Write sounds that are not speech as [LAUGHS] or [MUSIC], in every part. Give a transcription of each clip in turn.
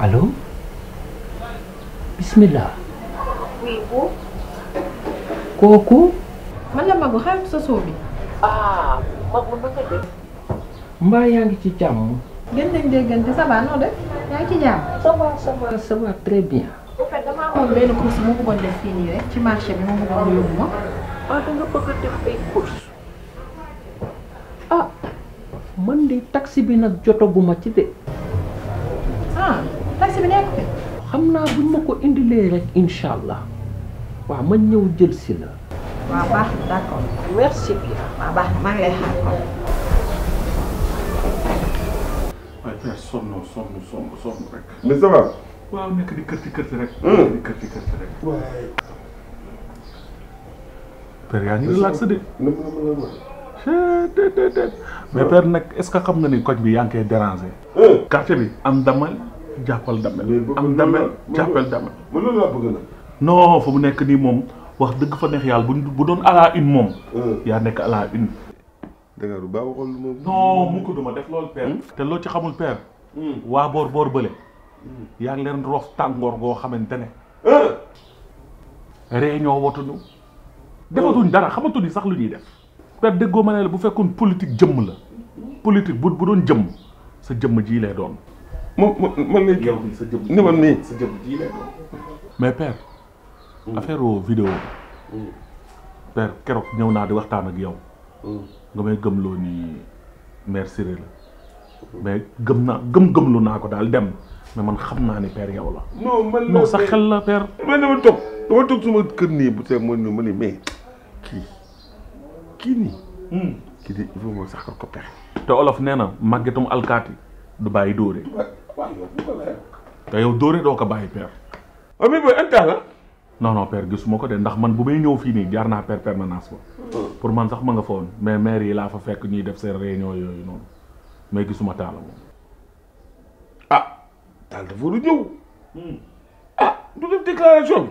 allo bismillah. kooku. man la Magu xaar sa soo bi. Ah, mbaa yaa ngi ci jàmm. gën nañ déggante ça va noo def. yaa ngi ci jàmm. ça va ça va ça va très bien. bu fekkee damaa xool benn course mu bëggoon def fii nii rek ci marché bi mu bëggoon yóbbu ma. ah da nga bëgg a def ay course. ah man de taxi bi nag jotaguma ci de. xam naa buñ ma ko indilee rek incha allah waaw ma ñëw jël la. waaw baax na d'accord lay xaar kon. waaye tey sonn sonn sonn sonn rek. mais ça nag est-ce que xam nga ni koñ bi yaa ngi koy dérangé. bi am damal. jàppal damel am damel jàppal damel man loolu laa fa mu nekk nii moom wax dëgg fa neex yàlla bu doon à la moom euh. yaa nekk à la une dagaru baa duma def loolu père hmm? te loo ci xamul père hmm. waa boor boor bële hmm. yaa ngi leen rof tàngoor goo xamante ne euh. réunion watuñu defatuñ dara xamatuñu sax lu ñuy def père déggoo ma ne la bu fekkoon politique jëmm la politique bu doon jëm sa jëmm jii lay doon moom man lay yow sa jëb ni man mais père mm. affaire o vidéo mm. père keroog ñëw naa di waxtaan ak yow mm. nga may gëmloo nii mère Siré la mais gëm naa gëm gëmlu naa ko daal dem mais man xam naa ni per yow la non sax non sa xel la père man dama toog dama toog suma kër nii bu see mën ni ma ni mais kii kii nii hmm. kii di il faut ma saxal ko pexe te olof nee na màggetum alkaati du bàyyi dóore. te yow dóore doo ko bàyyi père. waaw oh, mais booy gisuma ko de ndax man bu may ñëw fii nii jaar naa père permanence ba. pour man sax man nga foon mais maire yi laa fa fekk ñuy def seen réunion yooyu noonu mais gisuma taala moom. ah taal dafa war ñëw. ah du def déclaration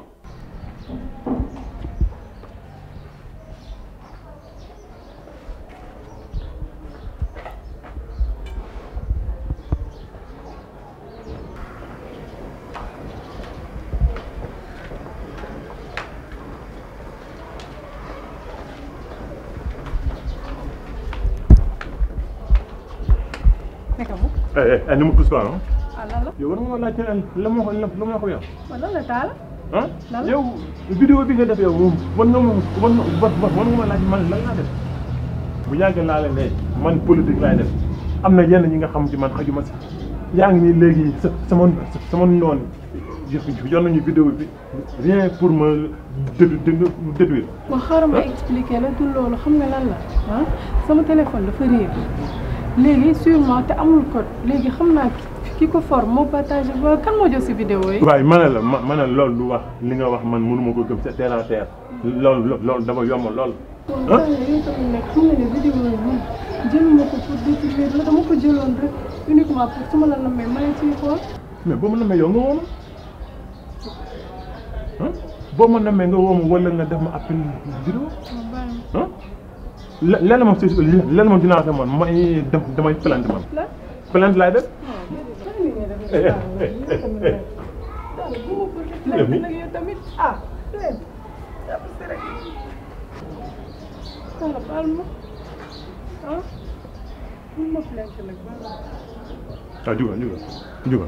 Eh, eh ni mu pousse pas ah. ah la yow war nga ma laajte lan moo ko lan moo la taal. ah yow vidéo bi nga def yow moom man nga man man ma laaj man bu yàgg naa leen lay man politique laay def am na yenn ñi nga xam ci man xajuma si yaa ngi nii léegi sa sama sama noon yor nañu vidéo bi rien pour ma déduire. waaw xaaral ma expliquer la du xam nga lan la sama téléphone dafa réer. léegi sûrement te amul code léegi xam naa ki ko for moo partagé a kan moo jox si vidéo yi. waaye ma la ma ma ne du wax li nga wax man mënuma ko gëm sa terre à terre loolu loolu lool. ah kon ko pour détourner la dama ko jëloon rek uniquement pour su ma la namee ma la ciy xool. mais boo ma namee nga woon ah boo ma namee nga woon wala nga def ma appel vidéo. lenn moom si lenn moom dinaa ko man mooy damay plainte man. plainte laay def. ah jugal jugal jugal.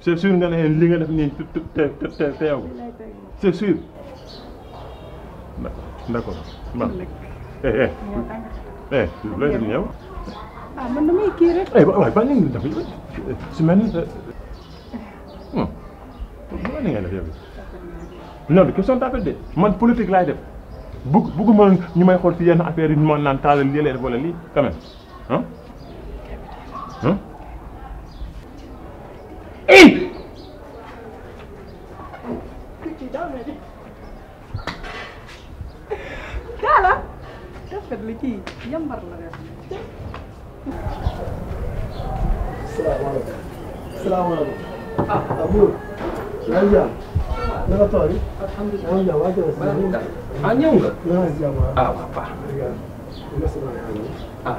c'est sûr nga ne li nga def nii te te te teew c'est sûr. d'accord man. eh eh. eh looy def ñëw. ah man damay kii rek. eh waaw ba ngeen def su mel ni. man ni ngay def yow. non de question d'appel de man politique laay def bu bugguma ñu may xool ci yenn affaire yi ñu ma naan taalal lii lay def wala lii quand même ah. ah. la kii yambar la def. salaamaaleykum. salaamaaleykum. ah Amour. Ah, yaa ngi jàmm. na nga toog yi. alhamdulilah yaa ngi jàmm ah ñëw nga. yaa ngi jàmm ah papa. ah.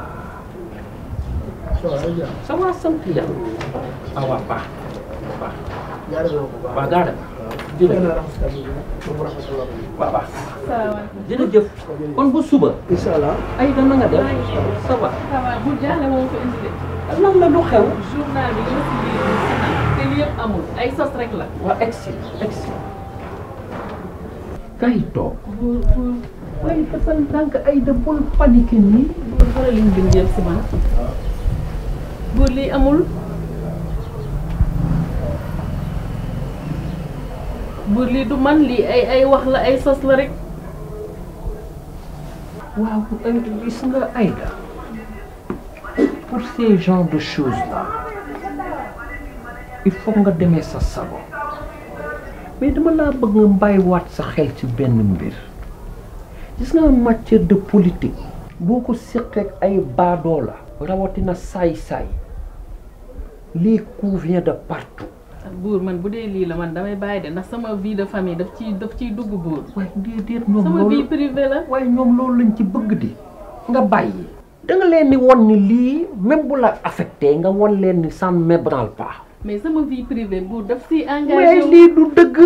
ça va sant yàlla. ah waaw baax. baax. waaw daa waaw waaw. jërëjëf kon bu suba. incha allah ay dana nga def. ça bu jàlle la lu xew. journal te li yëpp amul ay sos rek la. waaw egsi egsi. kay toog. waaye defal ndànk ay de bul panique nii. góor war a lim bind yëpp si man. góor lii amul. bu lii du man lii ay ay wax la ay sos la rek waaw euh, gis de choses là nga demee sa sago dama laa bëgg nga bàyyiwaat sa xel ci benn mbir gis nga matière de politique boo ko seqeek ay baadoo la rawatina saay-saay les coups de partout buur man bu dee lii la man damay bàyyi de ndax sama vie de famille daf ciy daf ciy dugg buur. waaye déedéet ñoom loolu sama vie privée la. waaye ñoom loolu lañ ci bëgg di nga bàyyi. da nga leen ni won ni lii même bu la affecté nga won leen ni ça ne m'ébranle mais sama vie privée buur daf siy engagé. mais lii du dëgg.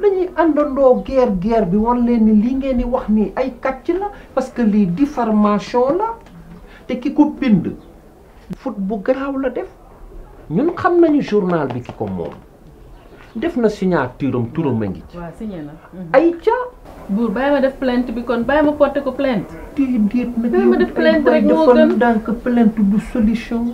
dañuy àndandoo guerre guerre bi wan leen ni lii ngeen di wax nii ay kàcc la parce que lii diffamation la te ki ko bind. foot bu garaaw la def. ñun xam nañu journal bi ki ko moom def na signature am turam a ngi ci. waaw na. Mhm. ay ca. buur bàyyi ma def plainte bi kon bàyyi ma porté ko plainte. déedéet nag yow ay defal ndànk plainte du solution.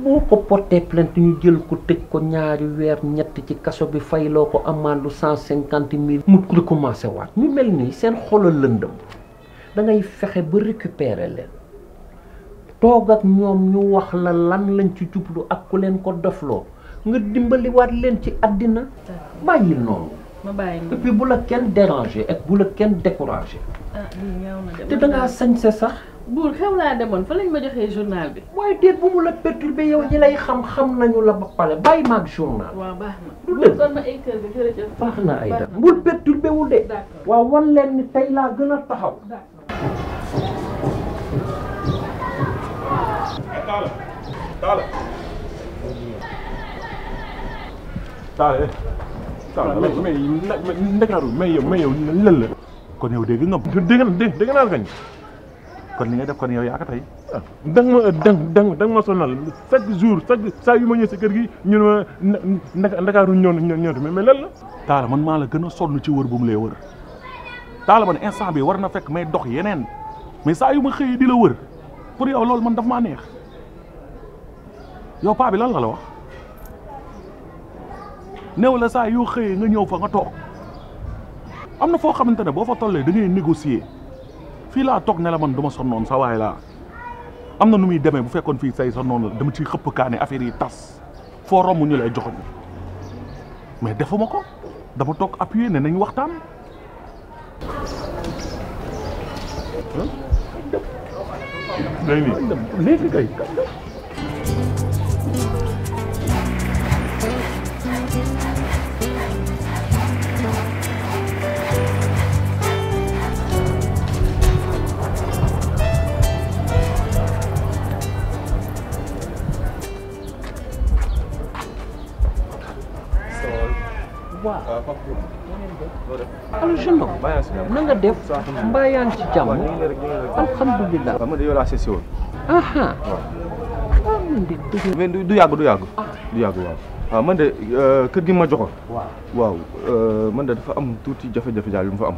boo ko porté plainte ñu jël ko tëj ko ñaari weer ñett ci kaso bi fayloo ko amande cent cinquante mille. mu recommencé waat ñu mel nii seen xolal lëndëm da fexe ba récupérer leen. toog ak ñoom ñu wax la lan lañ ci jublu ak ku leen ko dofloo nga dimbaliwaat leen ci àddina bàyyil noonu et puis bu la kenn dérangé ak bu la kenn découragé ah, te dangaa sañse sax buur xew naa demoon fa lañ ma joxee journal bi waaye déet bu mu la perturbé yow ñi lay xam-xam nañu la ba pare bàyyi maag journal waaw baax na du kon ay kër bi jërëjëf baax na ay dara bul perturbé wul de waaw wan leen ni tey laa gën a taxaw Talla Talla. Eh. Talla Talla mais mais yow mais yow lan la. kon yow dégg nga dégg dégg naa kon li nga def kon yow yaa tey. Ah, da nga ma da nga da nga ma sonal saa yu ma ñëw si kër gi ñu ne ma ñëw na ñëw na mais lan la. Talla man maa la gën a sonn ci wër bu mu lay wër. Talla man instant bi war na fekk may dox yeneen mais saa yu ma xëyee di la wër pour yow loolu man daf ma neex. yow paa bi la la wax néew la saa yoo xëyee nga ñëw fa nga toog am na foo xamante ne boo fa tollee dañuy ngay négocier fii laa toog ne man du ma sonnoon sa waay am na nu muy demee bu fekkoon fii say sonnoon la dama ciy xëpp kaane affaire yi tas foo romb ñu lay joxoñ mais defuma ko dama toog appuyer ne nañ waxtaan. léegi léegi alors jeune homme na def mbaa ci jàmm alhamdulilah. xam woon. du yàgg du yàgg. Ah. du yàgg waaw. waaw man de euh, kër gi ma joxoon. waaw euh, man de dafa am tuuti jafe-jafe daal yu mu fa am.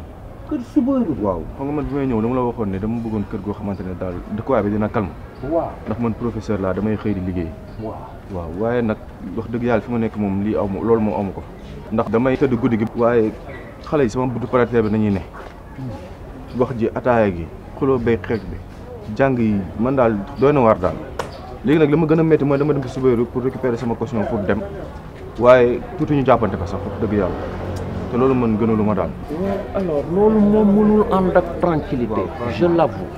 kër si waaw xam nga man bi may ñëw dama la waxoon ne dama bëggoon kër goo xamante ne daal dëkkuwaay bi dina calme. ndax man professeur laa damay xëy di liggéey. waaw waaye nag wax dëgg yàlla fi ma nekk moom lii aw ma loolu moom aw ma ko. ndax damay tëdd guddi gi waaye xale yi sama buntu parterre bi nañuy ne wax ji ataaya gi xuloo bay xeex bi jàng yi man daal doy na daal léegi nag li ma gën a métti mooy dama dem ci Soubeyrou pour récupérer sama caution pour dem waaye tuuti ñu jàppante fa sax wax dëgg yàlla te loolu mën gënalu ma daal loolu moom mënul ànd ak tranquillité je l'avoue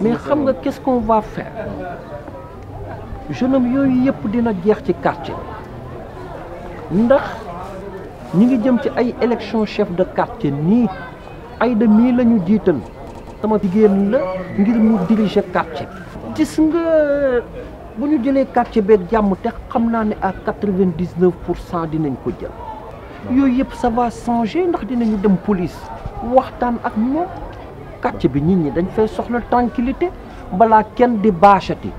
mais xam nga qu'est-ce qu'on va faire jeune homme yooyu yëpp dina jeex ci quartier ndax ñu ngi jëm ci ay élection chef de quartier nii ay de mii la ñu jiital sama jigéen la ngir mu diriger quartier gis nga bu ñu jëlee quartier beeg jàmm te xam naa ne à quatre-vingt-dix-neuf pour cent dinañ ko jël yooyu yëpp ça va changer ndax dinañu dem police waxtaan ak moom quartier bi nit ñi dañ fay soxla tranquillité balaa kenn di bâchati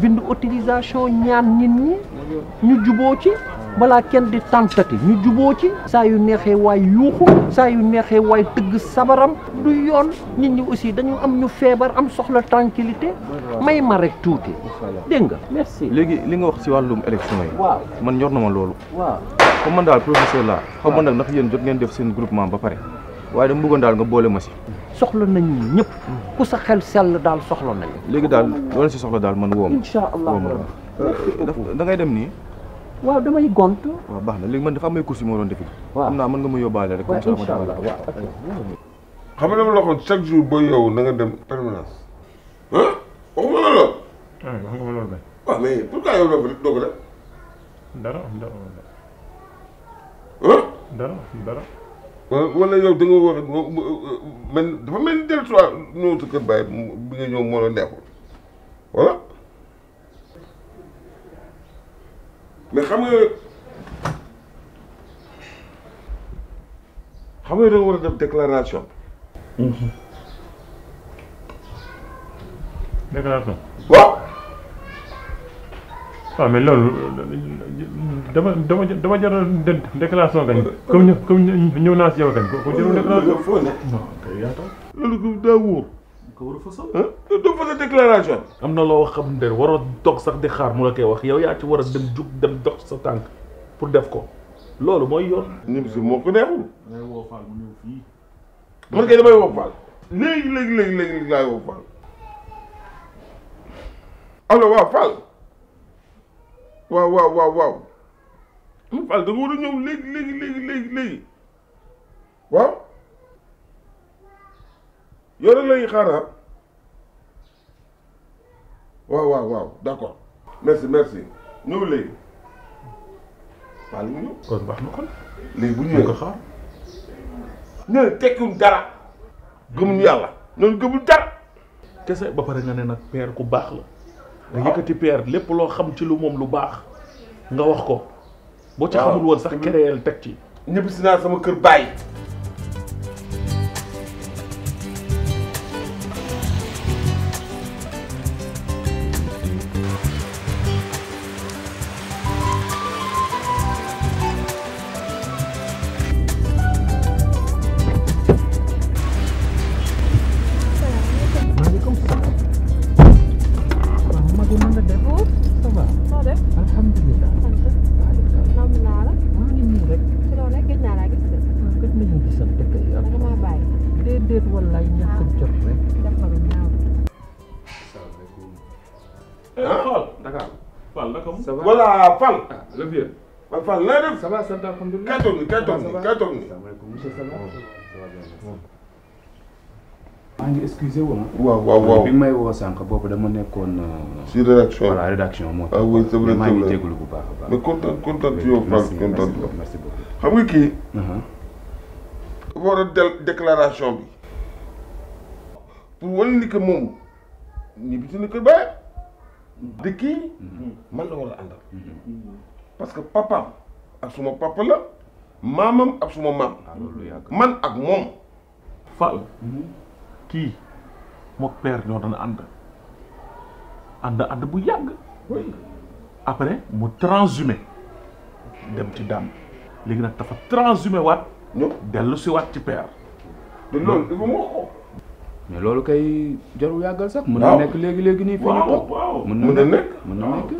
bind autorisation ñaan nit ñi ñu juboo ci balaa kenn di tàntati ñu juboo ci saa yu neexee waaye yuuxu saa yu neexee waaye tëgg sabaram du yoon nit ñi aussi dañu am ñu feebar am soxla tranquillité may ma rek tuuti dégg nga merci léegi li nga wax si wàllum élection yi waaw man ñor na ma loolu waaw comme man daal professeur laa xaw ma nag ndax yéen jot ngeen def seen groupement ba pare waaye dama bëggoon daal nga boole ma si soxla nañu ñëpp mm. ku sa xel sell daal soxla nañu léegi daal loolu si soxla daal man woom incha allah da ngay dem nii waaw damay gont. waaw baax na léegi man dafa am ay moo yu ma waroon defi. waaw xam naa mën nga ma yóbbaale rek. waaw incha allah xam nga dama la waxoon chaque jour boo yow na nga dem permanence. ah waxuma la lool. ah wax nga ma lool rek. waaw man dafa mel ni dellusiwaat ñëw sa kër baay bi nga ñëw moo la neexul mais xam nga xam nga da nga war a def déclaration. Mm-hmm. déclaration. waaw. waaw ah, mais loolu dama dama dama jaral déclaration kañ. comme ñëw comme ñëw naa si yow kañ. ko jarul déclaration loolu daa wóor. ko war a fësal. doo fësal déclaration. am na loo xam ne waroo toog sax di xaar mu la koy wax yaw yaa ci war a dem jug dem dox sa tànk pour def ko loolu mooy yoon. ñun si moo ko neexul. ngay woo Fall mu ñëw fii. damay woo Fall. léegi léegi léegi léegi léegi léegi waaw. yore lay xaar ah. waaw waaw waaw d'accord merci merci ñëw léegi waa li mu ñëw kon baax na kon léegi bu ñu ko xaar ñooñu tekkiwuñ dara gëmuñu yàlla ñooñu gëmuñ dara kese ba pare nga ne nag père ku baax la nga yëkkati père lépp loo xam ci lu moom lu baax nga wax ko boo ci xamul woon sax kereyel teg ci ñëbbisi naa sama kër bàyyi le vieux. Ba Fall lay def. ça va sant alhamdulilah ah. waaw waaw waaw bi may woo boobu dama nekkoon. Euh, si rédaction voilà rédaction moo tax. ah oui c'est vrai maa ngi jégalu bu baax a baax. mais kontaan kontaan yow Fall kontaan merci beaucoup xam nga kii. Uh-huh. war a del déclaration bi. pour wane ni moom ni ko bàyyi. di kii. Mm-hmm. man la war a parce que papaam ak suma papa la maamam ak suma maam ah, man ak moom Fall kii mook père ñoo doon ànd ànd ànd bu yàgg après mu transhumé dem ci daan léegi nag dafa transhumé waat dellu si waat ci père loolu dafa mu ko mais loolu kay jarul yàggal sax. mën na nekk léegi léegi nii. waaw waaw mën na nekk mën na nekk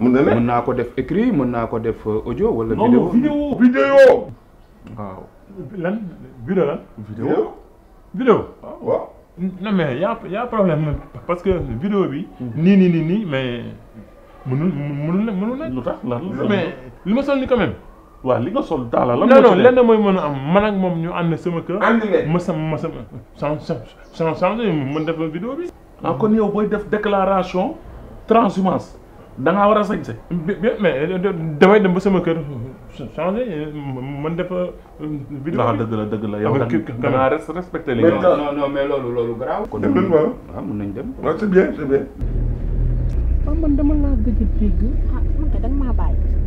mën na nekk. mën naa ko def écrit mën naa ko def euh, audio wala. vidéo vidéo vidéo. waaw. lan vidéo lan. Ah, a problème parce que vidéo bi. Mm-hmm. nii nii nii nii mais mënul mënul mënul nekk. lu li ma sol ni quand waaw li nga sol daala la. non non lenn mooy mën a am man ak moom ñu ànd sama kër. ànd leen ma sama ma sama sans sans sans mën def vidéo bi. ah kon yow booy def déclaration transhumance da ngaa war a sañse. mais damay dem ba sama kër changé mën def. Euh, vidéo bi dëgg la dëgg la yow. da ngaa respecté li nga non non mais loolu loolu garaaw. kon dem nañ waaw waaw mën nañ dem. waaw c'est bien c'est bien. Ah, man dama laa gëj a dégg ah man de da nga maa bàyyi.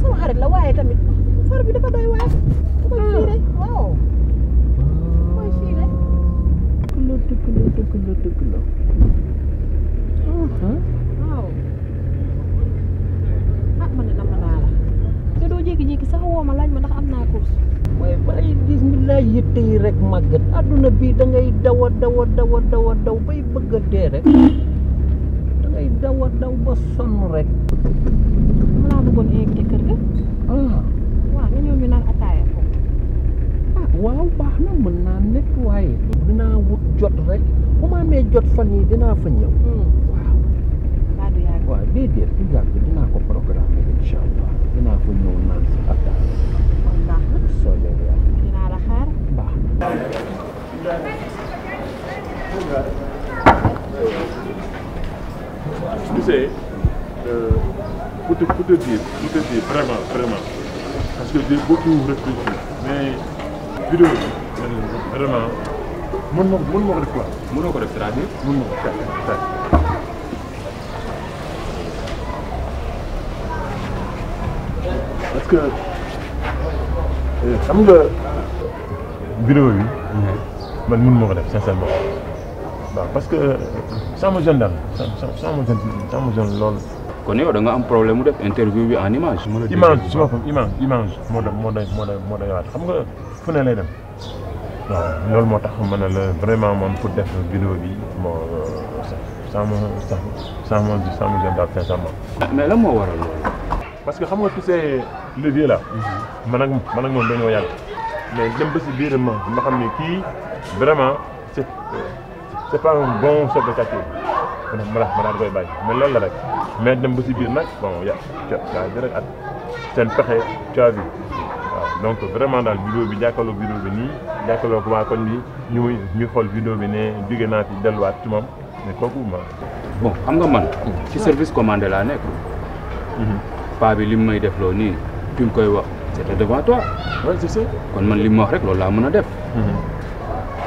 sama xarit la waaye tamit far bi dafa doy waar. mooy siire ah. waaw. mooy siire. waaw. Ah. ah man de nama naa te doo jékki-jékki sax woo ma laaj ma ndax am naa course. waaye bàyyi gis mi laa yëtte yi rek màggat adduna bi da ngay daw a daw a daw a daw a daw bay bëgg dee rek da daw a daw ba sonn rek. bëggoon yegg ci kër ga. Ah. waaw nga ñëw ñu naan ataaya foofu. Ah, waaw baax na mën naa nekk waaye. dinaa wut jot rek bu ma amee jot fan yi dinaa fa ñëw. Hmm. waaw. dinaa ko ñëw naan si ataaya. kon baax na soo leen dinaa la xaar baax Euh, pour te pour parce que j'ai beaucoup réfléchi bi vraiment mën na mën ma ko def quoi. mënoo ko def c'est-à-dire mën ma parce que eh, xam nga vidéo bi man mën ma ko def sincèrement waaw parce que euh, sama jeune daal sama sama sama jeune loolu. kon yow da nga am problème mu def interview bi en image. image si boppam image image moo doy moo doy moo doy waat xam nga fu ne lay dem. waaw loolu moo tax ma ne la vraiment moom pour def vidéo bi moo sans ma sans sans ma sans ma mais lan moo waral loolu. parce que xam nga tous ces leviers là. Mhm. man ak man ak moom dañoo yàgg. mais dem ba si biir ma ma xam ne kii vraiment c'est pas bon chef de quartier. mu a ma la ma koy bàyyi mais loolu la rek mais dem ba si biir nag bon ya ca ak seen pexe tu as vu waaw donc vraiment daal vidéo bi jàkkaarloo vidéo bi nii jàkkaarloo ko waa kon bi ñu ñu xool vidéo bi ne jóge naa fi delluwaat ci moom mais kooku ma bon xam nga man ci service commandé laa nekk mhm. paa bi li mu may def loo nii fi koy wax c'était devant toi. kon man li mu wax rek loolu laa mën a def mhm.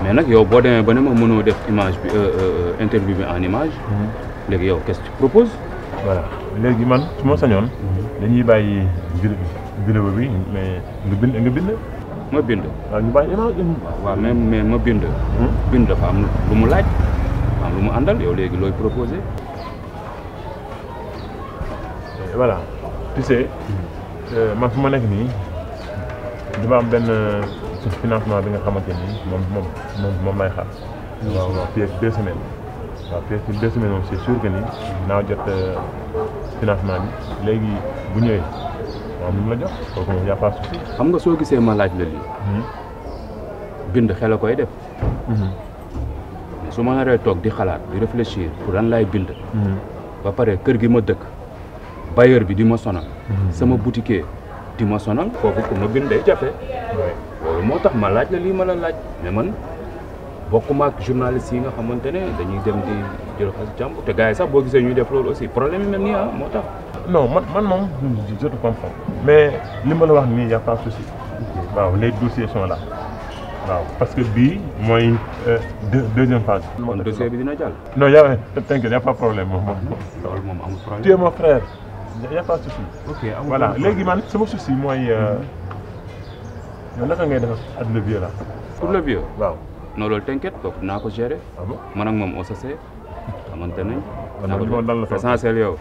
mais nag yow boo demee ba ne ma mënoo def image bi euh, euh, euh, interview bi en image. Mhm. léegi yow qu'est-ce que léegi man su ma sañoon. Mhm. dañuy bàyyi bi mais nga bind nga bind. ma bind. waaw ñu bàyyi ma bind. Hmm? bind dafa am lu mu laaj am lu mu àndal yow léegi looy proposé. Eh, voilà tu sais hmm. man fu ma nekk nii dama am benn. suñ financement bi nga xamante ni moom moom moom moom lay xaar. waaw waaw fii ak deux semaines. waaw fii ak deux semaines moom c'est sûr que ni naaw jot euh, financement bi léegi bu ñëwee waaw mu la jox kooku moom y'a pas souci. xam nga soo gisee ma laaj la lii. Hmm. bind xel a koy def. Hmm. su ma naree toog di xalaat di réfléchir pour lan laay bind. Hmm. ba pare kër gi ma dëkk. bailleur bi di ma sonal. sama boutiquier di ma sonal. foofu pour ma bind day jafe. moo tax ma laaj la lii ma la laaj mais man bokkuma ak journaliste yi nga xamante ne dañuy dem di jël xas jàmbur te gars yi sax boo gisee ñuy def loolu aussi problème yi même nii ah moo tax. non man man moom je te comprends mais li ma la wax nii y a pas souci waaw les dossiers sont la waaw parce que bii mooy euh, deux deuxième phase. kon dossier bi dina jàll. non y' a t'inquiète y' a pas problème moom moom. loolu moom amul problème tu es mon frère y' a pas souci. ok amul voilà léegi man sama souci mooy. Euh, mhm. yow naka ngay def ak le vieux là. pour le loolu t'inquiète ko gérer. Ah man ak moom au sachet xamante nañ. naa ko jox essentiel yow.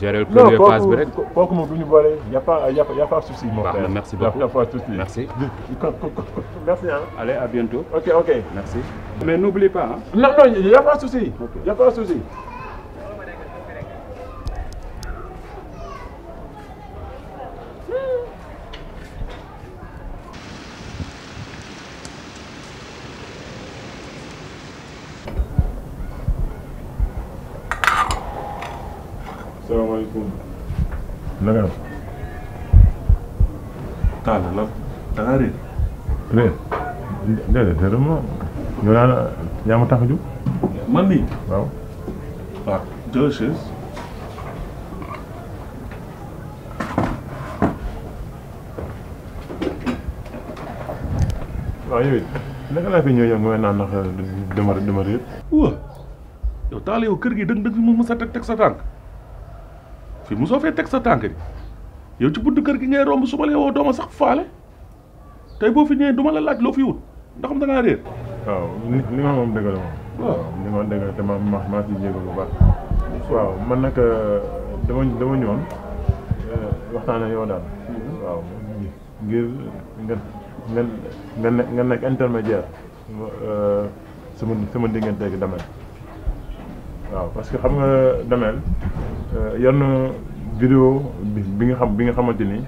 gérer le premier phase bi rek kooku kooku moom du ñu boole y' a pas y' a merci beaucoup a pas souci merci. merci ah. allez à bientôt. ok ok merci. mais n'oublie pas a pas souci. y' a la nga def. Talla la da ngaa réer. réer déedéet déedéet ma yow yaa yaa ma tax a man nii. waaw. waaw deux chaises. waaw yow it naka laa fi ñëw yow nga naan ndax dama dama réer. waaw yow kër gi dëgg dëgg mu mës teg teg sa tànk. fii soo fee teg sa tànk di yow ci bunt kër gi ngay romb suba la woo dooma sax faale tey boo fi ñëwee duma la laaj loo fi wut ndax xam da ngaa réer. waaw li li nga moom dëgg moom. waaw li ma ma si jéego bu baax. waaw man nag euh, dama dama ñëwoon euh, waxtaan ak yow daal. waaw ngir nga nga nga nekk intermédiaire euh, sama sama diggante ak damay. waaw parce que xam nga Damel euh, yor na bi nga xam bi nga xamante ni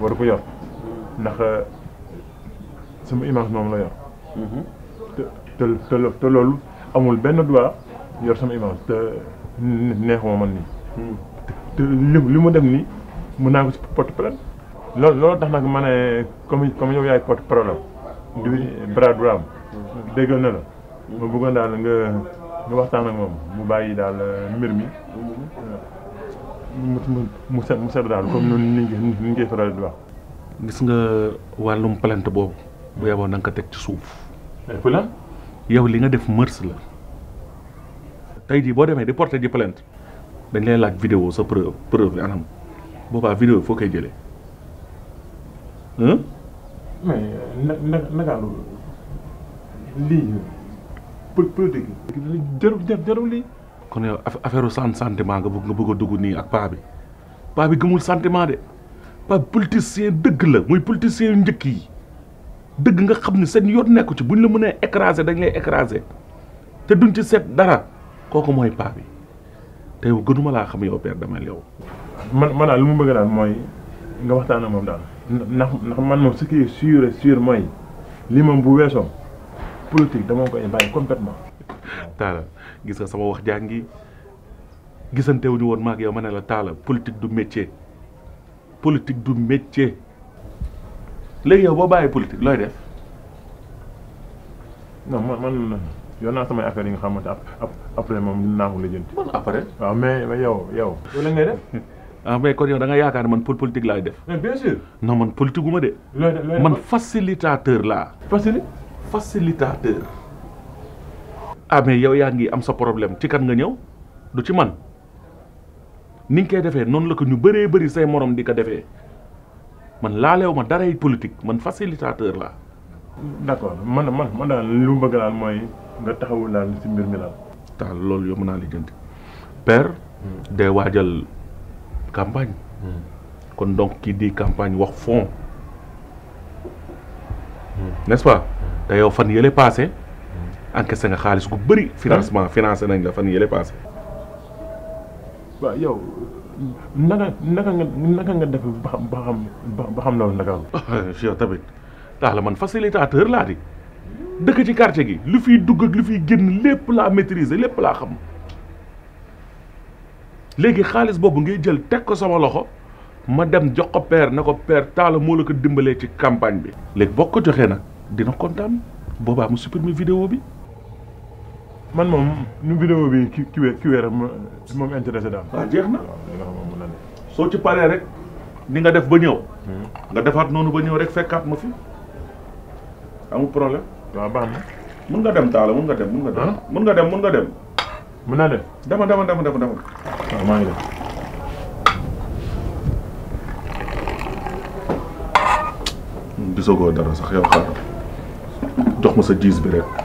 war ko yor ndax euh, sama image moom la yor. Mhm. te te te loolu amul benn droit yor sama image te neexuma man nii. Mhm. te li li mu dem nii mën naa ko ci porte plainte. loolu loolu tax nag ma comme comme yow yaay porte problème. Mhm. di bras droit déggal na la. ma bëggoon daal nga. ñu waxtaan ak moom mu bàyyi daal euh, mbir mi mu mu mu sedd daal comme ni ñu koy faral di wax. gis nga wàllum plainte boobu bu yeboo na nga ko teg ci suuf. Eh, lan li nga def mërs la. tey jii boo demee di porté ji dañ lay laaj vidéo sa preuve preuve anam boobaa vidéo foo koy jëlee. mais euh, na na naka politique bi. jarul li lii. kon yow affaire san sentiment nga bëgg nga bëgg a dugg nii ak paa bi paa bi gëmul sentiment de paa politicien dëgg la muy politicien yu njëkk yi dëgg nga xam ne set yoon nekku ci buñ la mënee écraser dañ lay écraser te duñ ci seet dara kooku mooy paa bi te yow gënuma laa xam yow père Damel yow. man man daal li mu bëgg daal mooy nga waxtaan a moom daal ndax man moom ce qui est sûr mooy lii moom bu weesoo. politique dama koy bàyyi complètement taala gis nga sama wax jàngi gisante wuñu woon maak yow ma ne la taala politique du métier politique du métier léegi yow boo bàyyi politique looy def non man man yow naa samay affaire yi nga xamante ap moom naa ko lijjanti man après waaw mais mais yow yow [LAUGHS] ah, ne man pôle politique laay def. de. man facilitateur laa. facilitateur ah mais yow yaa ngi am sa problème ci kan nga ñëw du ci man niñ nga koy defee noonu la ko ñu bëree bëri say morom di ko defee man laaleew ma daray politique man facilitateur la d'accord man man man daal li mu bëgg daal mooy nga taxawul daal ci mbir mi daal. taal loolu yomb naa lijjanti père. Hmm. day waajal campagne. Hmm. kon donc kii di campagne wax fond. Hmm. n'est-ce te yow fan yële passé mm. encaissé nga xaalis gu bëri ah. financement financé nañ la fan yële passé waaw yow naka naka nga naka nga def ba xam ba xam ba xam loolu naka yow [LAUGHS] eh, tamit taal la man facilitateur laa di dëkk ci quartier gi lu fiy dugg lu fiy génn lépp laa maîtriser lépp laa xam léegi xaalis boobu ngay jël teg ko sama loxo ma dem jox ko père na ko père taala moo la ko dimbalee ci campagne bi léegi boo ko joxee nag dina kontaan boobaa mu supprimer vidéo bi. man moom nu vidéo bi ki ki ki weer euh, moom intéressé daal. waaw ah, jeex na soo ci paree rek ni nga def ba ñëw. Hmm. nga defaat noonu ba ñëw rek fekkaat ma fi amul problème. waaw baax na. mun nga dem Talla mun nga dem mun nga dem. Ah. mun nga dem mun nga dem. mun naa dem dama dama dama dama dama. waaw maa ngi dem. gisagoo dara sax yow xaaral. jox ma sa diis bi rek.